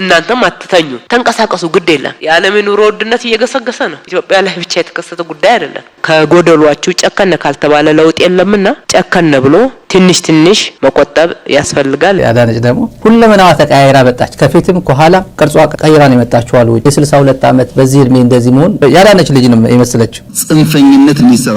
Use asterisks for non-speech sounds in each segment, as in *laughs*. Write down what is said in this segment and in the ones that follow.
እናንተም አትተኙ፣ ተንቀሳቀሱ፣ ግድ የለም። የዓለም ኑሮ ውድነት እየገሰገሰ ነው። ኢትዮጵያ ላይ ብቻ የተከሰተ ጉዳይ አይደለም። ከጎደሏችሁ ጨከነ ካልተባለ ለውጥ የለምና ጨከነ ብሎ ትንሽ ትንሽ መቆጠብ ያስፈልጋል። አዳነች ደግሞ ሁለመናዋ ተቀያይራ መጣች። ከፊትም ከኋላ ቅርጿ ቀይራን ነው የመጣችኋል። የስልሳ ሁለት ዓመት በዚህ እድሜ እንደዚህ መሆን የአዳነች ልጅ ነው የመሰለችው። ጽንፈኝነት እንዲሰራ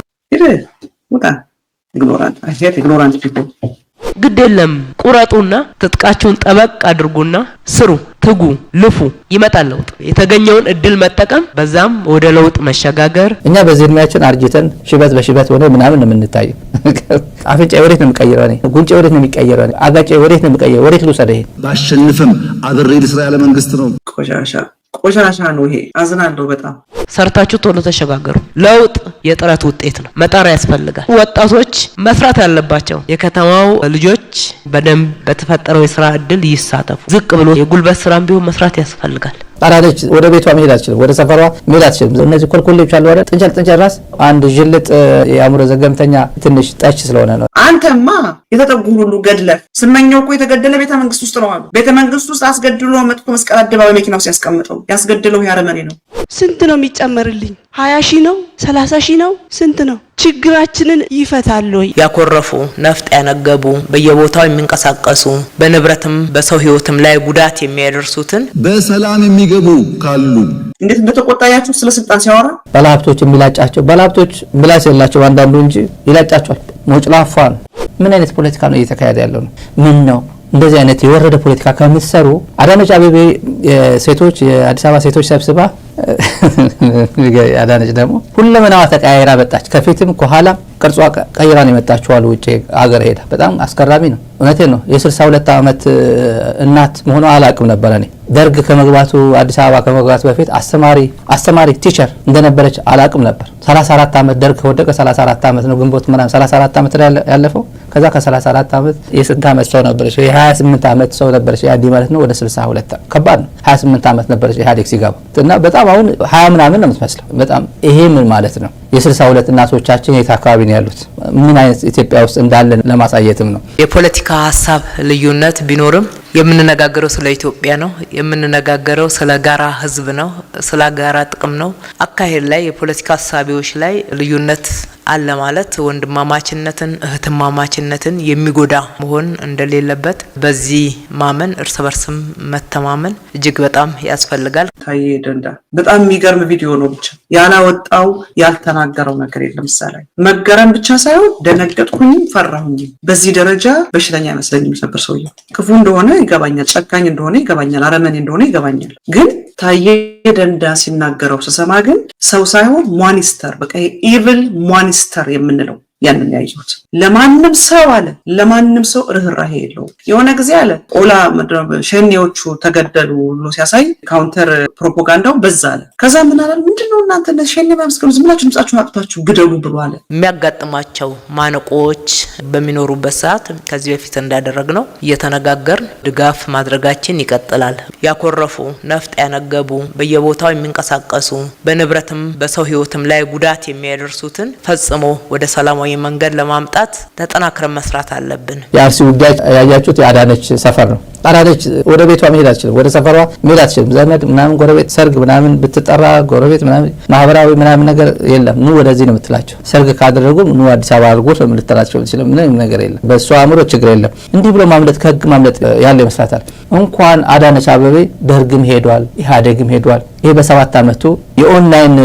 ግድ የለም ቁረጡና ትጥቃችሁን ጠበቅ አድርጉና ስሩ፣ ትጉ፣ ልፉ። ይመጣል ለውጥ። የተገኘውን እድል መጠቀም፣ በዛም ወደ ለውጥ መሸጋገር። እኛ በዚህ እድሜያችን አርጅተን ሽበት በሽበት ሆነ ምናምን ነው የምንታየው። *laughs* አፍንጫ ወዴት ነው የሚቀይረው? እኔ ጉንጭ ወዴት ነው የሚቀይረው? እኔ አጋጫ ወዴት ነው የሚቀይረው? ወዴት ልውሰድ? ይሄ ባሸንፍም አብሬ ልስራ ያለ መንግስት ነው። ቆሻሻ ቆሻሻ ነው ይሄ። አዝናለሁ በጣም ሰርታችሁ ቶሎ ተሸጋገሩ። ለውጥ የጥረት ውጤት ነው። መጣር ያስፈልጋል። ወጣቶች መስራት ያለባቸው የከተማው ልጆች በደንብ በተፈጠረው የስራ እድል ይሳተፉ። ዝቅ ብሎ የጉልበት ስራም ቢሆን መስራት ያስፈልጋል። ጣራለች። ወደ ቤቷ መሄድ አትችልም፣ ወደ ሰፈሯ መሄድ አትችልም። እነዚህ ኮልኮሌዎች አሉ አይደል? ጥንቸል ጥንቸል ራስ አንድ ዥልጥ የአእምሮ ዘገምተኛ ትንሽ ጠች ስለሆነ ነው። አንተማ የተጠጉ ሁሉ ገድለህ ስመኛው እኮ የተገደለ ቤተ መንግስት ውስጥ ነው አሉ። ቤተ መንግስት ውስጥ አስገድሎ መጥቶ መስቀል አደባባይ መኪና ውስጥ ያስቀምጠው ያስገድለው ያረመኔ ነው። ስንት ነው የሚጨመርልኝ? ሀያ ሺህ ነው? ሰላሳ ሺህ ነው? ስንት ነው? ችግራችንን ይፈታሉ ያኮረፉ ነፍጥ ያነገቡ በየቦታው የሚንቀሳቀሱ በንብረትም በሰው ህይወትም ላይ ጉዳት የሚያደርሱትን በሰላም የሚገቡ ካሉ እንዴት እንደተቆጣያችሁ ስለ ስልጣን ሲያወራ ባለሀብቶች የሚላጫቸው ባለሀብቶች ምላስ የላቸው አንዳንዱ እንጂ ይላጫቸዋል። ሞጭላፏ ምን አይነት ፖለቲካ ነው እየተካሄደ ያለው ነው? ምን ነው እንደዚህ አይነት የወረደ ፖለቲካ ከምትሰሩ አዳነች አቤቤ ሴቶች የአዲስ አበባ ሴቶች ሰብስባ *laughs* አዳነች ደግሞ ሁለመናዋ ተቀያይራ መጣች። ከፊትም ከኋላ ቅርጿ ቀይራ ነው የመጣችው አሉ ውጭ ሀገር ሄዳ። በጣም አስገራሚ ነው። እውነቴን ነው። የስልሳ ሁለት ዓመት እናት መሆኑ አላቅም ነበረ እኔ። ደርግ ከመግባቱ አዲስ አበባ ከመግባቱ በፊት አስተማሪ አስተማሪ ቲቸር እንደነበረች አላቅም ነበር። 34 ዓመት ደርግ ከወደቀ 34 ዓመት ነው ግንቦት ምናምን 34 ዓመት ያለፈው። ከዛ ከ34 ዓመት የስንት ዓመት ሰው ነበረች? የ28 ዓመት ሰው ነበረች። ኢህአዴግ ማለት ነው ወደ 62 ከባድ ነው። 28 ዓመት ነበረች ኢህአዴግ ሲገባ እና በጣም አሁን ሀያ ምናምን ነው የምትመስለው። በጣም ይሄ ምን ማለት ነው? የስልሳ ሁለት እናቶቻችን የት አካባቢ ነው ያሉት? ምን አይነት ኢትዮጵያ ውስጥ እንዳለ ለማሳየትም ነው። የፖለቲካ ሀሳብ ልዩነት ቢኖርም የምንነጋገረው ስለ ኢትዮጵያ ነው። የምንነጋገረው ስለ ጋራ ህዝብ ነው፣ ስለ ጋራ ጥቅም ነው። አካሄድ ላይ የፖለቲካ ሀሳቢዎች ላይ ልዩነት አለ ማለት ወንድማማችነትን እህትማማችነትን የሚጎዳ መሆን እንደሌለበት በዚህ ማመን እርስ በርስም መተማመን እጅግ በጣም ያስፈልጋል። ታዬ ደንዳ በጣም የሚገርም ቪዲዮ ነው። ብቻ ያላወጣው ያልተናገረው ነገር የለም። ምሳሌ መገረም ብቻ ሳይሆን ደነገጥኩኝም ፈራሁኝም። በዚህ ደረጃ በሽተኛ አይመስለኝም ነበር። ሰውየው ክፉ እንደሆነ ይገባኛል፣ ጨካኝ እንደሆነ ይገባኛል፣ አረመኔ እንደሆነ ይገባኛል። ግን ታዬ ደንዳ ሲናገረው ስሰማ ግን ሰው ሳይሆን ሟኒስተር በቃ ኢቭል ሟኒ ሞንስተር የምንለው ያንን ያዩት ለማንም ሰው አለ ለማንም ሰው ርኅራሄ የለውም። የሆነ ጊዜ አለ ኦላ ሸኔዎቹ ተገደሉ ብሎ ሲያሳይ ካውንተር ፕሮፓጋንዳው በዛ አለ። ከዛ ምን አላል ምንድነው እናንተ ሸኔ ማመስገኑ ዝም ብላችሁ ድምጻችሁን ግደሉ ብሎ አለ። የሚያጋጥማቸው ማነቆዎች በሚኖሩበት ሰዓት ከዚህ በፊት እንዳደረግነው እየተነጋገርን ድጋፍ ማድረጋችን ይቀጥላል። ያኮረፉ ነፍጥ ያነገቡ በየቦታው የሚንቀሳቀሱ በንብረትም በሰው ህይወትም ላይ ጉዳት የሚያደርሱትን ፈጽሞ ወደ ሰላማዊ መንገድ ለማምጣት ተጠናክረን መስራት አለብን። የአርሲ ውጊያ ያያችሁት የአዳነች ሰፈር ነው። ጣላለች። ወደ ቤቷ መሄድ አትችልም። ወደ ሰፈሯ መሄድ አትችልም። ዘመድ ምናምን ጎረቤት ሰርግ ምናምን ብትጠራ ጎረቤት ምናምን ማህበራዊ ምናምን ነገር የለም። ኑ ወደዚህ ነው የምትላቸው። ሰርግ ካደረጉ ኑ አዲስ አበባ አድርጎ ነው ልትላቸው ምችለ ምንም ነገር የለም። በእሱ አእምሮ ችግር የለም። እንዲህ ብሎ ማምለጥ ከህግ ማምለጥ ያለ ይመስላታል። እንኳን አዳነች አበቤ ደርግም ሄዷል፣ ኢህአዴግም ሄዷል። ይሄ በሰባት አመቱ የኦንላይን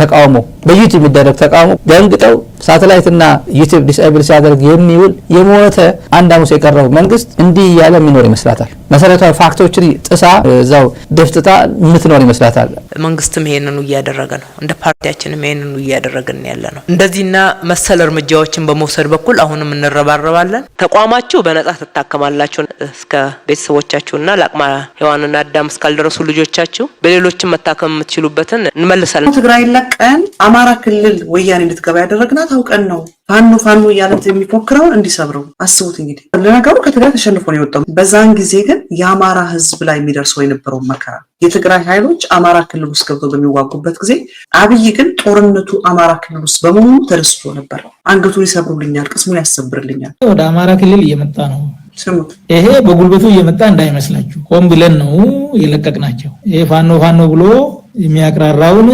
ተቃውሞ በዩቲዩብ የሚደረግ ተቃውሞ ደንግጠው ሳተላይትና ዩቲዩብ ዲስአብል ሲያደርግ የሚውል የሞተ አንድ ሐሙስ የቀረው መንግስት እንዲህ እያለ የሚኖር ይመስላል። kadar. መሰረታዊ ፋክቶችን ጥሳ እዛው ደፍጥጣ የምትኖር ይመስላታል። መንግስትም ይሄንኑ እያደረገ ነው። እንደ ፓርቲያችንም ይሄንኑ እያደረግን ያለ ነው። እንደዚህና መሰል እርምጃዎችን በመውሰድ በኩል አሁንም እንረባረባለን። ተቋማችሁ በነጻ ትታከማላችሁ እስከ ቤተሰቦቻችሁና ለአቅመ ሔዋንና አዳም እስካልደረሱ ልጆቻችሁ በሌሎችም መታከም የምትችሉበትን እንመልሳለን። ትግራይ ለቀን አማራ ክልል ወያኔ እንድትገባ ያደረግናት አውቀን ነው። ፋኖ ፋኖ እያለት የሚፎክረውን እንዲሰብረው አስቡት። እንግዲህ ለነገሩ ከትግራይ ተሸንፎ ነው የወጣው። በዛን ጊዜ ግን የአማራ ህዝብ ላይ የሚደርሰው የነበረውን መከራ የትግራይ ኃይሎች አማራ ክልል ውስጥ ገብተው በሚዋጉበት ጊዜ አብይ ግን ጦርነቱ አማራ ክልል ውስጥ በመሆኑ ተደስቶ ነበር። አንገቱን ይሰብሩልኛል፣ ቅስሙን ያሰብርልኛል። ወደ አማራ ክልል እየመጣ ነው። ይሄ በጉልበቱ እየመጣ እንዳይመስላችሁ ሆን ብለን ነው የለቀቅናቸው። ይሄ ፋኖ ፋኖ ብሎ የሚያቅራራውን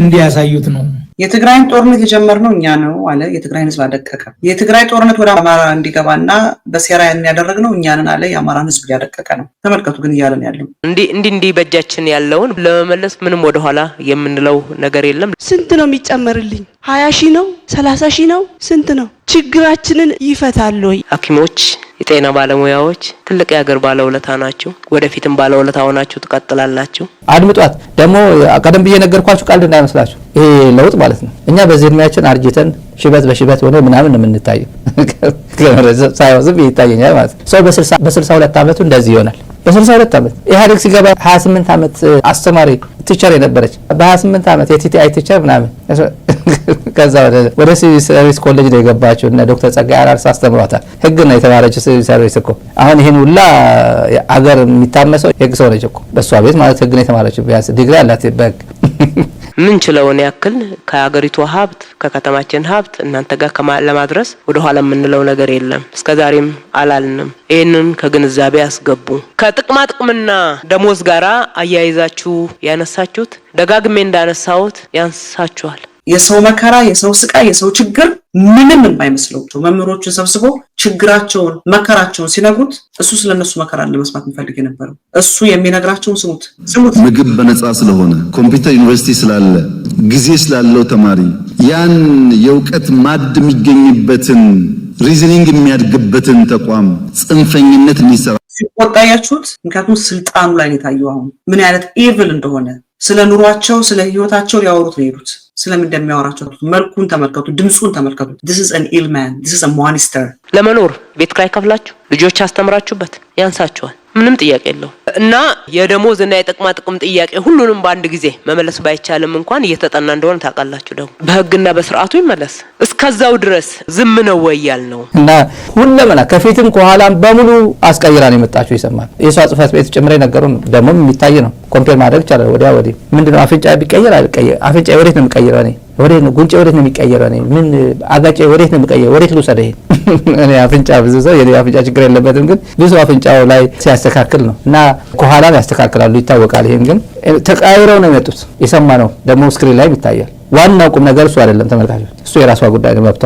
እንዲያሳዩት ነው የትግራይን ጦርነት የጀመርነው እኛ ነው አለ። የትግራይን ህዝብ አደቀቀ። የትግራይ ጦርነት ወደ አማራ እንዲገባና በሴራ ያን ያደረግነው እኛንን አለ። የአማራን ህዝብ እያደቀቀ ነው። ተመልከቱ ግን እያለን ያለው እንዲህ እንዲህ በእጃችን ያለውን ለመመለስ ምንም ወደኋላ የምንለው ነገር የለም። ስንት ነው የሚጨመርልኝ? ሀያ ሺህ ነው? ሰላሳ ሺህ ነው? ስንት ነው? ችግራችንን ይፈታል ወይ ሐኪሞች የጤና ባለሙያዎች ትልቅ የሀገር ባለውለታ ናችሁ። ወደፊትም ባለውለታ ሆናችሁ ትቀጥላላችሁ። አድምጧት። ደግሞ ቀደም ብዬ ነገርኳችሁ ቀልድ እንዳይመስላችሁ። ይሄ ለውጥ ማለት ነው። እኛ በዚህ እድሜያችን አርጅተን ሽበት በሽበት ሆነ ምናምን ነው የምንታየው። *laughs* ሳይሆን ዝም ይታየኛል ማለት ነው። ሰው በስልሳ ሁለት ዓመቱ እንደዚህ ይሆናል። በ62 ዓመት ኢህአዴግ ሲገባ 28 ዓመት አስተማሪ ቲቸር የነበረች በ28 ዓመት የቲቲአይ ቲቸር ምናምን *laughs* ከዛ ወደ ሲቪል ሰርቪስ ኮሌጅ ነው የገባችው። እና ዶክተር ጸጋይ አራርስ አስተምሯታል። ህግ ነው የተማረችው ሲቪል ሰርቪስ እኮ። አሁን ይህን ሁላ አገር የሚታመሰው ህግ ሰው ነች እኮ በእሷ ቤት ማለት ህግ ነው የተማረችው። ቢያንስ ዲግሪ አላት በህግ *laughs* ምንችለውን ያክል ከሀገሪቱ ሀብት ከከተማችን ሀብት እናንተ ጋር ለማድረስ ወደ ኋላ የምንለው ነገር የለም። እስከዛሬም አላልንም። ይህንን ከግንዛቤ አስገቡ። ከጥቅማ ጥቅምና ደሞዝ ጋራ አያይዛችሁ ያነሳችሁት ደጋግሜ እንዳነሳሁት ያንሳችኋል። የሰው መከራ፣ የሰው ስቃይ፣ የሰው ችግር ምንም የማይመስለው መምህሮችን ሰብስቦ ችግራቸውን፣ መከራቸውን ሲነግሩት እሱ ስለ እነሱ መከራን ለመስማት የሚፈልግ የነበረው እሱ የሚነግራቸውን ስሙት ስሙት። ምግብ በነፃ ስለሆነ ኮምፒውተር ዩኒቨርሲቲ ስላለ ጊዜ ስላለው ተማሪ ያን የእውቀት ማድ የሚገኝበትን ሪዝኒንግ የሚያድግበትን ተቋም ጽንፈኝነት እንዲሰራ ሲቆጣ ያችሁት። ምክንያቱም ስልጣኑ ላይ የታየው አሁን ምን አይነት ኤቭል እንደሆነ ስለ ኑሯቸው ስለ ህይወታቸው ሊያወሩት ነው ሄዱት። ስለምን እንደሚያወራቸው መልኩን ተመልከቱ፣ ድምፁን ተመልከቱ። ስ ኢልማን ስ ሞኒስተር ለመኖር ቤት ኪራይ ከፍላችሁ ልጆች አስተምራችሁበት ያንሳችኋል። ምንም ጥያቄ የለው እና የደሞዝ እና የጥቅማ ጥቅም ጥያቄ ሁሉንም በአንድ ጊዜ መመለስ ባይቻልም እንኳን እየተጠና እንደሆነ ታውቃላችሁ። ደግሞ በህግና በስርዓቱ ይመለስ። እስከዛው ድረስ ዝም ነው ወይ ያል ነው እና ሁለመና ከፊትም ከኋላም በሙሉ አስቀይራን የመጣቸው ይሰማል። የሷ ጽህፈት ቤት ጭምር ነገሩን ደግሞ የሚታይ ነው። ኮምፔር ማድረግ ይቻላል። ወዲያ ወዲህ ምንድነው አፍንጫ ቢቀይር አልቀየር አፍንጫ ወዴት ነው የሚቀይረው? ወዴት ነው ጉንጬ ወዴት ነው የሚቀየረው? እኔ ምን አጋጨ ወዴት ነው የሚቀየረው? ወዴት ልውሰድ? *laughs* እኔ አፍንጫ ብዙ ሰው የኔ አፍንጫ ችግር የለበትም፣ ግን ብዙ አፍንጫው ላይ ሲያስተካክል ነው እና ከኋላም ያስተካክላሉ ይታወቃል። ይሄን ግን ተቃይረው ነው የመጡት። የሰማ ነው ደግሞ ስክሪን ላይ ይታያል። ዋናው ቁም ነገር እሱ አይደለም ተመልካቾች፣ እሱ የራሷ ጉዳይ ነው መብቷ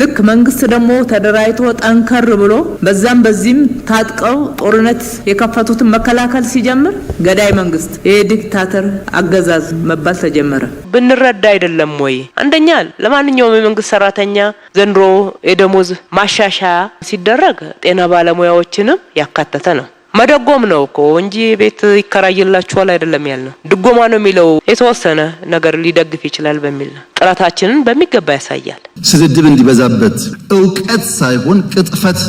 ልክ መንግስት ደግሞ ተደራጅቶ ጠንከር ብሎ በዛም በዚህም ታጥቀው ጦርነት የከፈቱትን መከላከል ሲጀምር ገዳይ መንግስት ይሄ ዲክታተር አገዛዝ መባል ተጀመረ። ብንረዳ አይደለም ወይ? አንደኛ ለማንኛውም የመንግስት ሰራተኛ ዘንድሮ የደሞዝ ማሻሻያ ሲደረግ ጤና ባለሙያዎችንም ያካተተ ነው። መደጎም ነው እኮ እንጂ ቤት ይከራይላችኋል አይደለም ያልነው። ድጎማ ነው የሚለው የተወሰነ ነገር ሊደግፍ ይችላል በሚል ነው። ጥረታችንን በሚገባ ያሳያል። ስድድብ እንዲበዛበት እውቀት ሳይሆን ቅጥፈት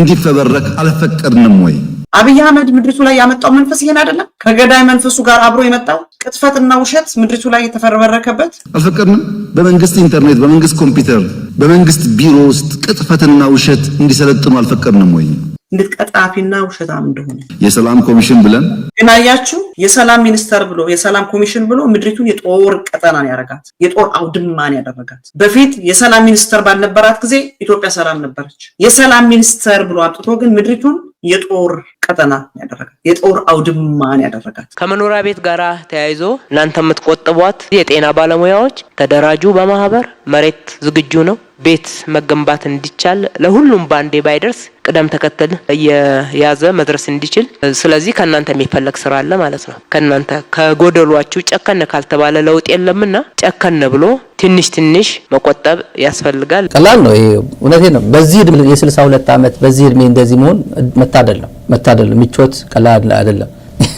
እንዲፈበረክ አልፈቀድንም ወይ? አብይ አህመድ ምድሪቱ ላይ ያመጣው መንፈስ ይሄን አይደለም? ከገዳይ መንፈሱ ጋር አብሮ የመጣው ቅጥፈትና ውሸት ምድሪቱ ላይ የተፈበረከበት አልፈቀድንም። በመንግስት ኢንተርኔት፣ በመንግስት ኮምፒውተር፣ በመንግስት ቢሮ ውስጥ ቅጥፈትና ውሸት እንዲሰለጥኑ አልፈቀድንም ወይ? ቀጣፊና ውሸታም እንደሆነ የሰላም ኮሚሽን ብለን ግን አያችሁ፣ የሰላም ሚኒስተር ብሎ የሰላም ኮሚሽን ብሎ ምድሪቱን የጦር ቀጠናን ያደረጋት የጦር አውድማን ያደረጋት። በፊት የሰላም ሚኒስተር ባልነበራት ጊዜ ኢትዮጵያ ሰላም ነበረች። የሰላም ሚኒስተር ብሎ አምጥቶ ግን ምድሪቱን የጦር ቀጠና ያደረጋል። የጦር አውድማን ያደረጋል። ከመኖሪያ ቤት ጋር ተያይዞ እናንተ የምትቆጥቧት የጤና ባለሙያዎች ተደራጁ፣ በማህበር መሬት ዝግጁ ነው። ቤት መገንባት እንዲቻል ለሁሉም ባንዴ ባይደርስ ቅደም ተከተል እየያዘ መድረስ እንዲችል፣ ስለዚህ ከእናንተ የሚፈለግ ስራ አለ ማለት ነው። ከእናንተ ከጎደሏችሁ ጨከን ካልተባለ ለውጥ የለምና ጨከን ብሎ ትንሽ ትንሽ መቆጠብ ያስፈልጋል። ቀላል ነው። እውነቴ ነው። በዚህ የስልሳ ሁለት ዓመት በዚህ እድሜ እንደዚህ መሆን መታደል ነው። መታደል ምቾት ቀላል አይደለም። *laughs*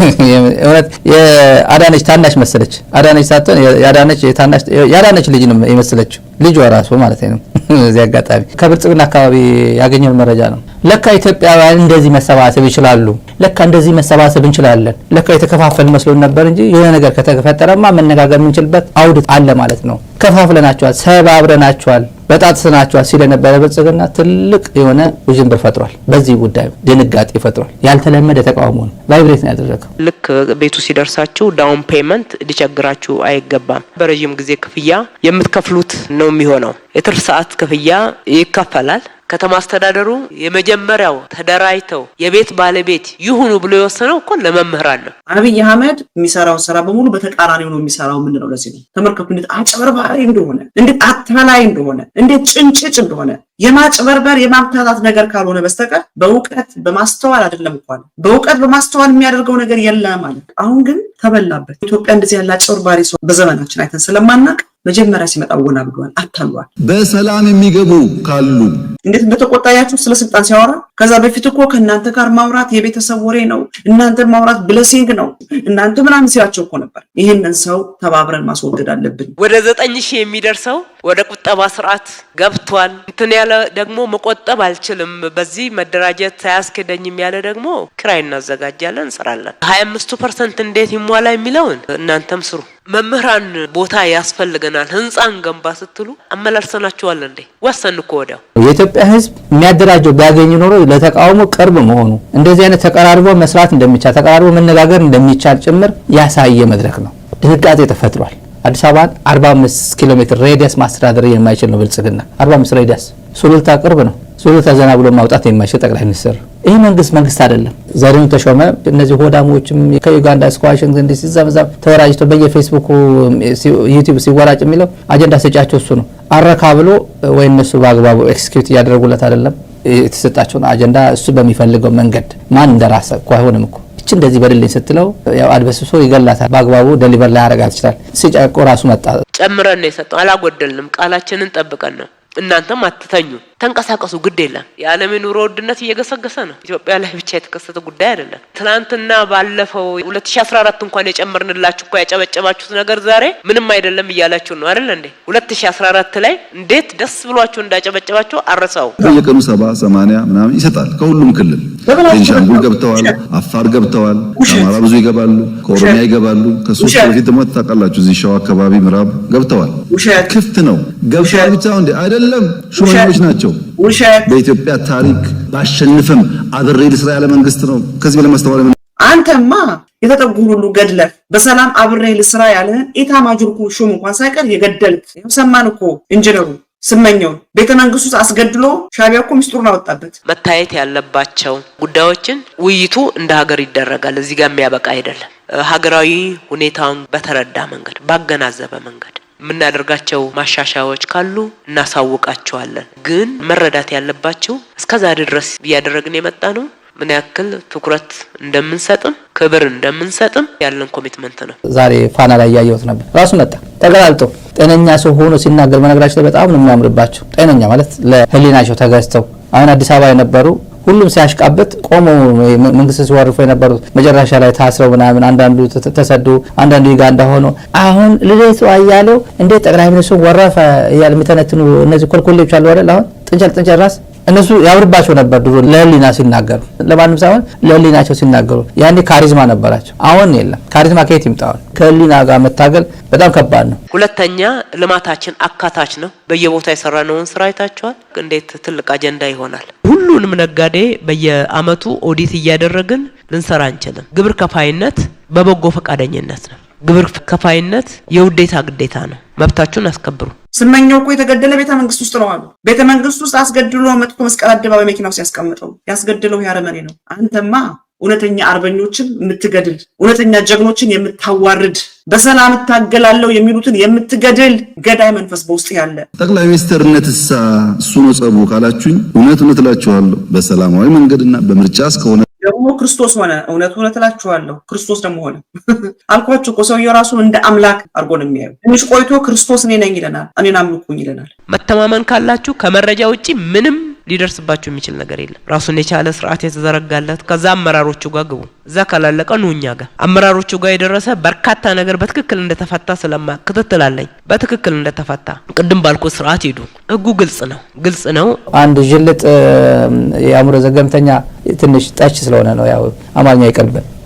እውነት የአዳነች ታናሽ መሰለች። አዳነች ሳትሆን የአዳነች የታናሽ የአዳነች ልጅ ነው የመሰለችው ልጇ ራሱ ማለት ነው። *laughs* እዚህ አጋጣሚ ከብልጽግና አካባቢ ያገኘን መረጃ ነው። ለካ ኢትዮጵያውያን እንደዚህ መሰባሰብ ይችላሉ። ለካ እንደዚህ መሰባሰብ እንችላለን። ለካ የተከፋፈል መስሎን ነበር እንጂ የሆነ ነገር ከተፈጠረማ መነጋገር የምንችልበት አውድ አለ ማለት ነው። ከፋፍለናቸዋል፣ ሰባብረናቸዋል። በጣት ስናቸዋል ሲል የነበረ ብልጽግና ትልቅ የሆነ ውዥንብር ፈጥሯል። በዚህ ጉዳዩ ድንጋጤ ፈጥሯል። ያልተለመደ ተቃውሞ ነው። ቫይብሬት ነው ያደረገው። ልክ ቤቱ ሲደርሳችሁ ዳውን ፔመንት ሊቸግራችሁ አይገባም። በረዥም ጊዜ ክፍያ የምትከፍሉት ነው የሚሆነው። የትርፍ ሰዓት ክፍያ ይከፈላል። ከተማ አስተዳደሩ የመጀመሪያው ተደራጅተው የቤት ባለቤት ይሁኑ ብሎ የወሰነው እኮ ለመምህራን ነው። አብይ አህመድ የሚሰራውን ስራ በሙሉ በተቃራኒ ነው የሚሰራው። ምን ነው ለዚህ ነው ተመልከቱ፣ እንዴት አጭበርባሪ እንደሆነ፣ እንዴት አታላይ እንደሆነ፣ እንዴት ጭንጭጭ እንደሆነ የማጭበርበር የማምታታት ነገር ካልሆነ በስተቀር በእውቀት በማስተዋል አይደለም እንኳን በእውቀት በማስተዋል የሚያደርገው ነገር የለም ማለት። አሁን ግን ተበላበት። ኢትዮጵያ እንደዚህ ያለ አጭበርባሪ ሰው በዘመናችን አይተን ስለማናቅ መጀመሪያ ሲመጣ ወና ብሏል፣ አታሏል። በሰላም የሚገቡ ካሉ እንዴት እንደተቆጣያችሁ ስለ ስልጣን ሲያወራ ከዛ በፊት እኮ ከእናንተ ጋር ማውራት የቤተሰብ ወሬ ነው፣ እናንተን ማውራት ብለሲንግ ነው፣ እናንተ ምናምን ሲያቸው እኮ ነበር። ይህንን ሰው ተባብረን ማስወገድ አለብን። ወደ ዘጠኝ ሺህ የሚደርሰው ወደ ቁጠባ ስርዓት ገብቷል። እንትን ያለ ደግሞ መቆጠብ አልችልም፣ በዚህ መደራጀት ሳያስኬደኝም ያለ ደግሞ ክራይ እናዘጋጃለን፣ እንሰራለን። ሀያ አምስቱ ፐርሰንት እንዴት ይሟላ የሚለውን እናንተም ስሩ። መምህራን ቦታ ያስፈልገናል፣ ህንፃን ገንባ ስትሉ አመላልሰናቸዋል እንዴ? ዋሰን እኮ ወዲያው የኢትዮጵያ ህዝብ የሚያደራጀው ቢያገኝ ኖሮ ለተቃውሞ ቅርብ መሆኑ እንደዚህ አይነት ተቀራርቦ መስራት እንደሚቻል ተቀራርቦ መነጋገር እንደሚቻል ጭምር ያሳየ መድረክ ነው። ድንጋጤ ተፈጥሯል። አዲስ አበባን 45 ኪሎ ሜትር ሬዲያስ ማስተዳደር የማይችል ነው ብልጽግና። 45 ሬዲያስ ሱሉልታ ቅርብ ነው። ዞሮ ዘና ብሎ ማውጣት የማይችል ጠቅላይ ሚኒስትር ይህ መንግስት መንግስት አይደለም። ዘሪሁን ተሾመ እነዚህ ሆዳሞችም ከዩጋንዳ እስከ ዋሽንግተን ዲሲ እዛም እዛም ተወራጅተው ዩቲዩብ ሲወራጭ የሚለው አጀንዳ ሰጫቸው እሱ ነው። አረካ ብሎ ወይ እነሱ በአግባቡ ኤክስኪዩት እያደረጉለት አይደለም። የተሰጣቸውን አጀንዳ እሱ በሚፈልገው መንገድ ማን እንደራሰ እኮ አይሆንም እኮ እች እንደዚህ በድልኝ ስትለው ያው አድበስብሶ ይገላታል። በአግባቡ ደሊቨር ላይ ያረጋት ይችላል። ሲጨቆ ራሱ መጣ ጨምረን ነው የሰጠው፣ አላጎደልንም። ቃላችንን ጠብቀን ነው እናንተም አትተኙ፣ ተንቀሳቀሱ፣ ግድ የለም። የዓለም የኑሮ ውድነት እየገሰገሰ ነው። ኢትዮጵያ ላይ ብቻ የተከሰተ ጉዳይ አይደለም። ትናንትና ባለፈው ሁለት ሺ አስራ አራት እንኳን የጨመርንላችሁ እኮ ያጨበጨባችሁት ነገር ዛሬ ምንም አይደለም እያላችሁ ነው አይደለ እንዴ? ሁለት ሺ አስራ አራት ላይ እንዴት ደስ ብሏችሁ እንዳጨበጨባችሁ አረሳው። በየቀኑ ሰባ ሰማንያ ምናምን ይሰጣል። ከሁሉም ክልል ቤንሻንጉል ገብተዋል፣ አፋር ገብተዋል፣ ከአማራ ብዙ ይገባሉ፣ ከኦሮሚያ ይገባሉ። ከሶስት በፊት ደግሞ ታውቃላችሁ፣ እዚህ ሸዋ አካባቢ ምዕራብ ገብተዋል። ክፍት ነው ገብተዋል ብቻ እንዴ አይደለም አይደለም፣ ሹመኞች ናቸው። ውሸት። በኢትዮጵያ ታሪክ ባሸንፍም አብሬ ልስራ ያለ መንግስት ነው። ከዚህ ለማስተዋል አንተማ የተጠጉን ሁሉ ገድለህ በሰላም አብሬ ልስራ ያለህን ኢታማጆር እኮ ሹም እንኳን ሳይቀር የገደልክ ሰማን እኮ ኢንጂነሩ ስመኘውን ቤተ መንግስት ውስጥ አስገድሎ ሻቢያ እኮ ሚስጥሩን አወጣበት። መታየት ያለባቸው ጉዳዮችን ውይይቱ እንደ ሀገር ይደረጋል። እዚህ ጋር የሚያበቃ አይደለም። ሀገራዊ ሁኔታውን በተረዳ መንገድ ባገናዘበ መንገድ የምናደርጋቸው ማሻሻያዎች ካሉ እናሳውቃቸዋለን። ግን መረዳት ያለባቸው እስከዛሬ ድረስ እያደረግን የመጣ ነው ምን ያክል ትኩረት እንደምንሰጥም ክብር እንደምንሰጥም ያለን ኮሚትመንት ነው። ዛሬ ፋና ላይ እያየሁት ነበር። ራሱ መጣ ተገላልጦ ጤነኛ ሰው ሆኖ ሲናገር በነገራቸው በጣም ነው የሚያምርባቸው። ጤነኛ ማለት ለህሊናቸው ተገዝተው አሁን አዲስ አበባ የነበሩ ሁሉም ሲያሽቃበት ቆሞ መንግስት ሲወርፉ የነበሩት መጨረሻ ላይ ታስረው ምናምን፣ አንዳንዱ ተሰዱ፣ አንዳንዱ ዩጋንዳ ሆኖ አሁን ልደቱ አያሌው እንዴት ጠቅላይ ሚኒስትሩ ወረፈ እያል የሚተነትኑ እነዚህ ኮልኮሌዎች አሉ አይደል? አሁን ጥንቸል ጥንቸል ራስ እነሱ ያብርባቸው ነበር ድሮ ለህሊና ሲናገሩ፣ ለማንም ሳይሆን ለህሊናቸው ሲናገሩ። ያኔ ካሪዝማ ነበራቸው፣ አሁን የለም። ካሪዝማ ከየት ይምጣዋል? ከህሊና ጋር መታገል በጣም ከባድ ነው። ሁለተኛ ልማታችን አካታች ነው። በየቦታ የሰራነውን ስራ አይታችኋል። እንዴት ትልቅ አጀንዳ ይሆናል። ሁሉንም ነጋዴ በየአመቱ ኦዲት እያደረግን ልንሰራ አንችልም። ግብር ከፋይነት በበጎ ፈቃደኝነት ነው። ግብር ከፋይነት የውዴታ ግዴታ ነው። መብታችሁን አስከብሩ። ስመኛው እኮ የተገደለ ቤተ መንግስት ውስጥ ነው አሉ። ቤተ መንግስት ውስጥ አስገድሎ መጥቶ መስቀል አደባባይ መኪናው ሲያስቀምጠው ያስገድለው ያረመኔ ነው። አንተማ እውነተኛ አርበኞችን የምትገድል እውነተኛ ጀግኖችን የምታዋርድ በሰላም እታገላለሁ የሚሉትን የምትገድል ገዳይ መንፈስ በውስጥ ያለ ጠቅላይ ሚኒስትርነት እሳ እሱ ነው ጸቡ ካላችሁኝ፣ እውነት እውነት እላችኋለሁ በሰላማዊ መንገድና በምርጫ እስከሆነ ደግሞ ክርስቶስ ሆነ። እውነት እውነት እላችኋለሁ ክርስቶስ ደግሞ ሆነ። *laughs* አልኳቸው እኮ ሰውየው ራሱን እንደ አምላክ አድርጎ ነው የሚያዩ። ትንሽ ቆይቶ ክርስቶስ እኔ ነኝ ይለናል፣ እኔን አምልኩኝ ይለናል። መተማመን ካላችሁ ከመረጃ ውጭ ምንም ሊደርስባቸው የሚችል ነገር የለም። ራሱን የቻለ ስርዓት የተዘረጋለት ከዛ አመራሮቹ ጋር ግቡ። እዛ ካላለቀ ኑኛ ጋር። አመራሮቹ ጋር የደረሰ በርካታ ነገር በትክክል እንደተፈታ ስለማ ክትትል አለኝ። በትክክል እንደተፈታ ቅድም ባልኩ ስርዓት ሄዱ። ህጉ ግልጽ ነው፣ ግልጽ ነው። አንድ ዥልጥ የአእምሮ ዘገምተኛ ትንሽ ጠች ስለሆነ ነው ያው አማርኛ አይ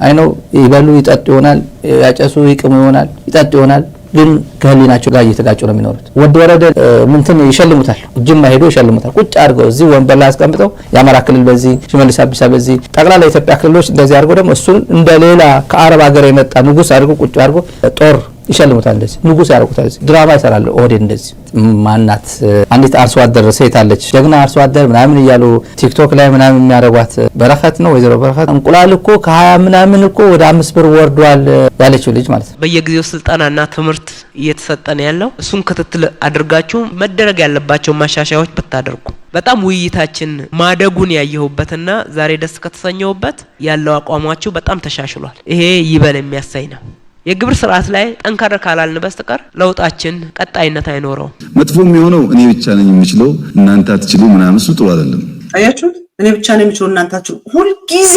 አይነው ይበሉ ይጠጡ ይሆናል፣ ያጨሱ ይቅሙ ይሆናል፣ ይጠጡ ይሆናል ግን ከህሊናቸው ጋር እየተጋጩ ነው የሚኖሩት። ወደ ወረደ ምንትን ይሸልሙታል፣ ጅማ ሄዶ ይሸልሙታል። ቁጭ አድርገው እዚህ ወንበር ላይ አስቀምጠው የአማራ ክልል በዚህ ሽመልስ አብዲሳ በዚህ ጠቅላላ ኢትዮጵያ ክልሎች እንደዚህ አድርጎ ደግሞ እሱን እንደ ሌላ ከአረብ ሀገር የመጣ ንጉስ አድርጎ ቁጭ አድርጎ ጦር ይሸልሙታል። እንደዚህ ንጉስ ያደርጉታል። እዚህ ድራማ ይሰራሉ። ኦህዴድ እንደዚህ ማናት አንዲት አርሶ አደር ሴት አለች፣ ጀግና አርሶ አደር ምናምን እያሉ ቲክቶክ ላይ ምናምን የሚያደርጓት በረከት ነው ወይዘሮ በረከት። እንቁላል እኮ ከሀያ ምናምን እኮ ወደ አምስት ብር ወርዷል ያለችው ልጅ ማለት ነው። በየጊዜው ስልጠናና ትምህርት እየተሰጠን ያለው እሱን ክትትል አድርጋችሁ መደረግ ያለባቸው ማሻሻያዎች ብታደርጉ በጣም ውይይታችን ማደጉን ያየሁበትና ዛሬ ደስ ከተሰኘሁበት ያለው አቋማችሁ በጣም ተሻሽሏል። ይሄ ይበል የሚያሳይ ነው። የግብር ስርዓት ላይ ጠንከር ካላልን በስተቀር ለውጣችን ቀጣይነት አይኖረው። መጥፎ የሚሆነው እኔ ብቻ ነኝ የምችለው እናንተ አትችሉ ምናምን እሱ ጥሩ አይደለም። አያችሁ፣ እኔ ብቻ ነው የምችለው እናንተ አትችሉ። ሁልጊዜ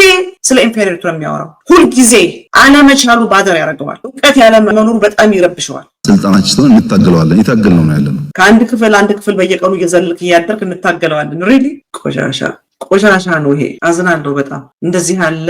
ስለ ኢንፌሪዮሪቲ ነው የሚያወራው። ሁልጊዜ አለመቻሉ ባደር ያደርገዋል። እውቀት ያለመኖሩ በጣም ይረብሸዋል። ስልጣናችን ስለሆነ እንታገለዋለን። ይታገል ነው ያለ ነው። ከአንድ ክፍል አንድ ክፍል በየቀኑ እየዘልክ እያደርግ እንታገለዋለን። ሪሊ ቆሻሻ ቆሻሻ ነው ይሄ። አዝናለሁ በጣም እንደዚህ ያለ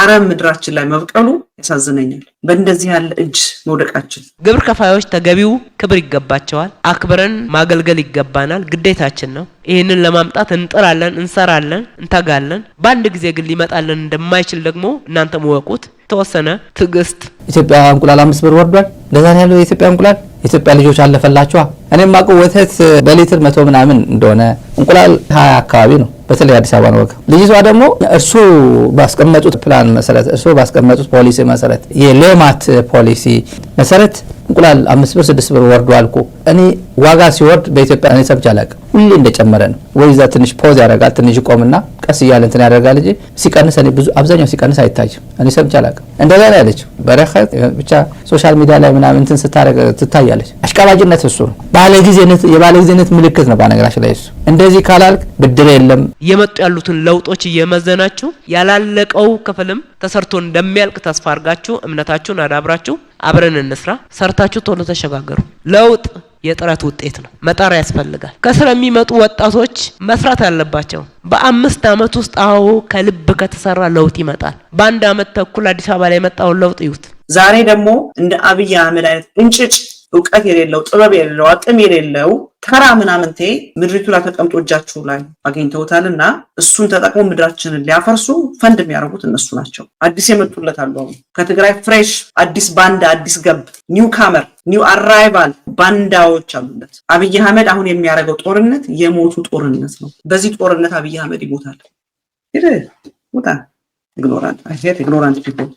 አረም ምድራችን ላይ መብቀሉ ያሳዝነኛል። በእንደዚህ ያለ እጅ መውደቃችን ግብር ከፋዮች ተገቢው ክብር ይገባቸዋል። አክብረን ማገልገል ይገባናል፣ ግዴታችን ነው። ይህንን ለማምጣት እንጥራለን፣ እንሰራለን፣ እንተጋለን። በአንድ ጊዜ ግን ሊመጣልን እንደማይችል ደግሞ እናንተም ወቁት። ተወሰነ ትዕግስት። ኢትዮጵያ እንቁላል አምስት ብር ወርዷል። እንደዛ ያለው የኢትዮጵያ እንቁላል የኢትዮጵያ ልጆች አለፈላችኋ። እኔም አውቀው ወተት በሊትር መቶ ምናምን እንደሆነ እንቁላል ሀያ አካባቢ ነው በተለይ አዲስ አበባ ነው። ልጅቷ ደግሞ እርሱ ባስቀመጡት ፕላን መሰረት፣ እርሱ ባስቀመጡት ፖሊሲ መሰረት፣ የሌማት ፖሊሲ መሰረት እንቁላል አምስት ብር ስድስት ብር ወርዶ አልኩ። እኔ ዋጋ ሲወርድ በኢትዮጵያ እኔ ሰብቼ አላውቅም። ሁሌ እንደጨመረ ነው። ወይ እዛ ትንሽ ፖዝ ያደርጋል ትንሽ ይቆምና ቀስ እያለ እንትን ያደርጋል እንጂ ሲቀንስ እኔ ብዙ አብዛኛው ሲቀንስ አይታይም። እኔ ሰብቼ አላውቅም። እንደዛ ነው ያለች በረከት ብቻ ሶሻል ሚዲያ ላይ ምናምን እንትን ስታደርግ ትታያለች። አሽቃባጭነት እሱ ነው። ባለጊዜነት የባለጊዜነት ምልክት ነው። በነገራችን ላይ እሱ እንደዚህ ካላልክ ብድር የለም። እየመጡ ያሉትን ለውጦች እየመዘናችሁ ያላለቀው ክፍልም ተሰርቶ እንደሚያልቅ ተስፋ አድርጋችሁ እምነታችሁን አዳብራችሁ አብረን እንስራ። ሰርታችሁ ቶሎ ተሸጋገሩ። ለውጥ የጥረት ውጤት ነው። መጣር ያስፈልጋል። ከስለሚመጡ የሚመጡ ወጣቶች መስራት አለባቸው። በአምስት ዓመት ውስጥ አዎ ከልብ ከተሰራ ለውጥ ይመጣል። በአንድ ዓመት ተኩል አዲስ አበባ ላይ የመጣውን ለውጥ ይዩት። ዛሬ ደግሞ እንደ አብይ አህመድ አይነት እንጭጭ እውቀት የሌለው ጥበብ የሌለው አቅም የሌለው ተራ ምናምንቴ ምድሪቱ ላይ ተቀምጦ እጃችሁ ላይ አግኝተውታል እና እሱን ተጠቅሞ ምድራችንን ሊያፈርሱ ፈንድ የሚያደርጉት እነሱ ናቸው። አዲስ የመጡለት አሉ። አሁን ከትግራይ ፍሬሽ አዲስ ባንዳ አዲስ ገብ ኒው ካመር ኒው አራይቫል ባንዳዎች አሉለት። አብይ አህመድ አሁን የሚያደርገው ጦርነት የሞቱ ጦርነት ነው። በዚህ ጦርነት አብይ አህመድ ይሞታል። ኢግኖራንት አይ ሴድ ኢግኖራንት ፒፕል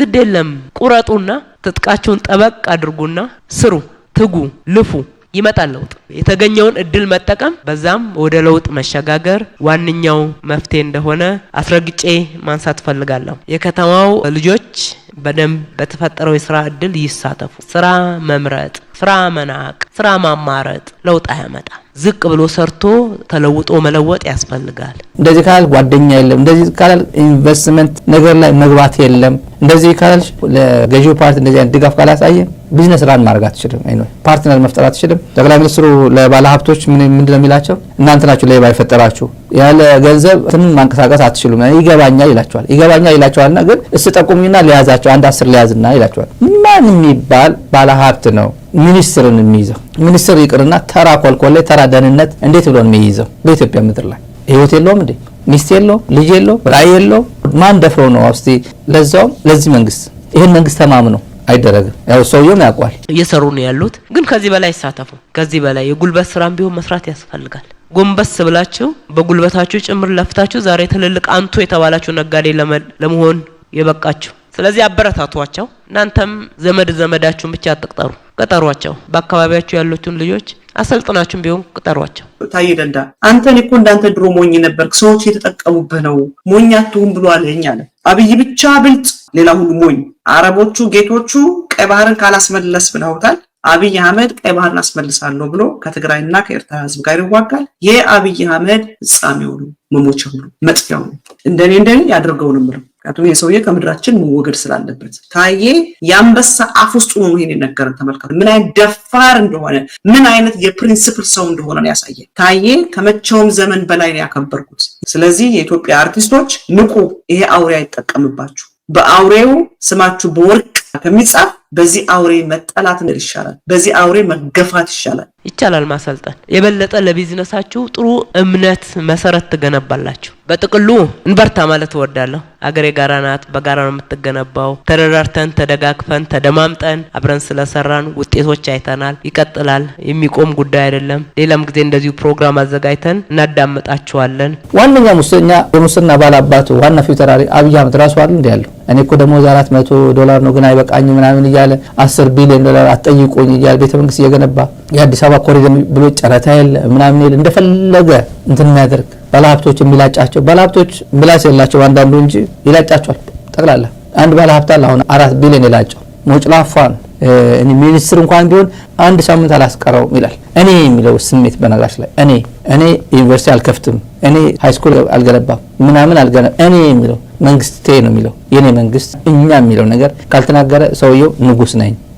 ግድ የለም ቁረጡና ትጥቃችሁን ጠበቅ አድርጉና ስሩ፣ ትጉ፣ ልፉ። ይመጣል ለውጥ። የተገኘውን እድል መጠቀም በዛም ወደ ለውጥ መሸጋገር ዋነኛው መፍትሄ እንደሆነ አስረግጬ ማንሳት ፈልጋለሁ። የከተማው ልጆች በደንብ በተፈጠረው የስራ እድል ይሳተፉ። ስራ መምረጥ፣ ስራ መናቅ፣ ስራ ማማረጥ ለውጥ አያመጣ። ዝቅ ብሎ ሰርቶ ተለውጦ መለወጥ ያስፈልጋል። እንደዚህ ካላል ጓደኛ የለም፣ እንደዚህ ካላል ኢንቨስትመንት ነገር ላይ መግባት የለም፣ እንደዚህ ካላል ለገዢው ፓርቲ እንደዚህ ድጋፍ ካላሳየ ቢዝነስ ራን ማድረግ አትችልም። ፓርትነር መፍጠር አትችልም። ጠቅላይ ሚኒስትሩ ለባለሀብቶች ምንድነው የሚላቸው? እናንተ ናችሁ ሌባ የፈጠራችሁ ያለ ገንዘብ ትንም ማንቀሳቀስ አትችሉም፣ ይገባኛል ይላቸዋል። ይገባኛል ይላቸዋልና ግን እስጠቁሙኝና ሊያዛቸው አንድ አስር ሊያዝና ይላቸዋል። ማን የሚባል ባለሀብት ነው ሚኒስትርን የሚይዘው? ሚኒስትር ይቅርና ተራ ኮልኮሌ፣ ተራ ደህንነት እንዴት ብሎን የሚይዘው በኢትዮጵያ ምድር ላይ ህይወት የለውም እንዴ? ሚስት የለው፣ ልጅ የለው፣ ራዕይ የለው። ማን ደፍሮ ነው ውስ ለዛውም ለዚህ መንግስት ይህን መንግስት ተማምነው አይደረግም። ያው ሰውየም ያውቋል እየሰሩ ነው ያሉት። ግን ከዚህ በላይ ይሳተፉ። ከዚህ በላይ የጉልበት ስራም ቢሆን መስራት ያስፈልጋል። ጎንበስ ብላችሁ በጉልበታችሁ ጭምር ለፍታችሁ ዛሬ ትልልቅ አንቱ የተባላችሁ ነጋዴ ለመሆን የበቃችሁ። ስለዚህ አበረታቷቸው። እናንተም ዘመድ ዘመዳችሁን ብቻ አትቅጠሩ፣ ቅጠሯቸው። በአካባቢያችሁ ያሉትን ልጆች አሰልጥናችሁም ቢሆን ቅጠሯቸው። ታዬ ደንዳ አንተን እኮ እንዳንተ ድሮ ሞኝ ነበርክ፣ ሰዎች የተጠቀሙብህ ነው፣ ሞኝ አትሁን ብሎ አለኝ አለ። አብይ ብቻ ብልጥ፣ ሌላ ሁሉ ሞኝ። አረቦቹ ጌቶቹ ቀይ ባህርን ካላስመለስ ብለውታል። አብይ አህመድ ቀይ ባህርን አስመልሳለሁ ብሎ ከትግራይና ከኤርትራ ህዝብ ጋር ይዋጋል። ይህ አብይ አህመድ ፍጻሜው ነው፣ መሞቻው ነው፣ መጥፊያው ነው። እንደኔ እንደኔ ያደርገው ነው ምክንያቱም ይህ ሰውዬ ከምድራችን መወገድ ስላለበት ታዬ የአንበሳ አፍ ውስጥ ሆኖ ይሄን የነገረን ተመልከቱ። ምን አይነት ደፋር እንደሆነ ምን አይነት የፕሪንስፕል ሰው እንደሆነ ነው ያሳየ ታዬ ከመቼውም ዘመን በላይ ነው ያከበርኩት። ስለዚህ የኢትዮጵያ አርቲስቶች ንቁ፣ ይሄ አውሬ አይጠቀምባችሁ። በአውሬው ስማችሁ በወርቅ ከሚጻፍ በዚህ አውሬ መጠላት ይሻላል። በዚህ አውሬ መገፋት ይሻላል። ይቻላል ማሰልጠን። የበለጠ ለቢዝነሳችሁ ጥሩ እምነት መሰረት ትገነባላችሁ። በጥቅሉ እንበርታ ማለት እወዳለሁ። አገር የጋራ ናት፣ በጋራ ነው የምትገነባው። ተደራርተን፣ ተደጋግፈን፣ ተደማምጠን አብረን ስለሰራን ውጤቶች አይተናል። ይቀጥላል፣ የሚቆም ጉዳይ አይደለም። ሌላም ጊዜ እንደዚሁ ፕሮግራም አዘጋጅተን እናዳምጣችኋለን። ዋነኛ ሙስኛ የሙስና አባቱ ዋና ፊታውራሪ አብይ አህመድ ራሱ አሉ እንዲ ያለው እኔ እኮ ደሞዝ አራት መቶ ዶላር ነው ግን አይበቃኝ ምናምን እያለ አስር ቢሊዮን ዶላር አትጠይቁኝ እያለ ቤተ መንግስት እየገነባ የአዲስ አበባ ኮሪደር ብሎ ጨረታ የለ ምናምን የለ እንደፈለገ እንትን የሚያደርግ ባለሀብቶች የሚላጫቸው ባለሀብቶች ምላስ የላቸው አንዳንዱ እንጂ ይላጫቸዋል። ጠቅላላ አንድ ባለሀብት አለ አሁን አራት ቢሊዮን የላጨው እኔ ሚኒስትር እንኳን ቢሆን አንድ ሳምንት አላስቀረውም ይላል። እኔ የሚለው ስሜት በነገራችን ላይ እኔ እኔ ዩኒቨርሲቲ አልከፍትም፣ እኔ ሃይስኩል አልገነባም፣ ምናምን አልገነባም፣ እኔ የሚለው መንግስቴ ነው የሚለው የኔ መንግስት እኛ የሚለው ነገር ካልተናገረ ሰውየው ንጉስ ነኝ